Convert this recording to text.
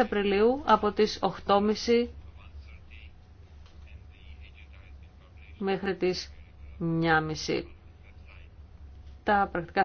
Απριλίου από τις 8.30 μέχρι τις 9.30. Τα πρακτικά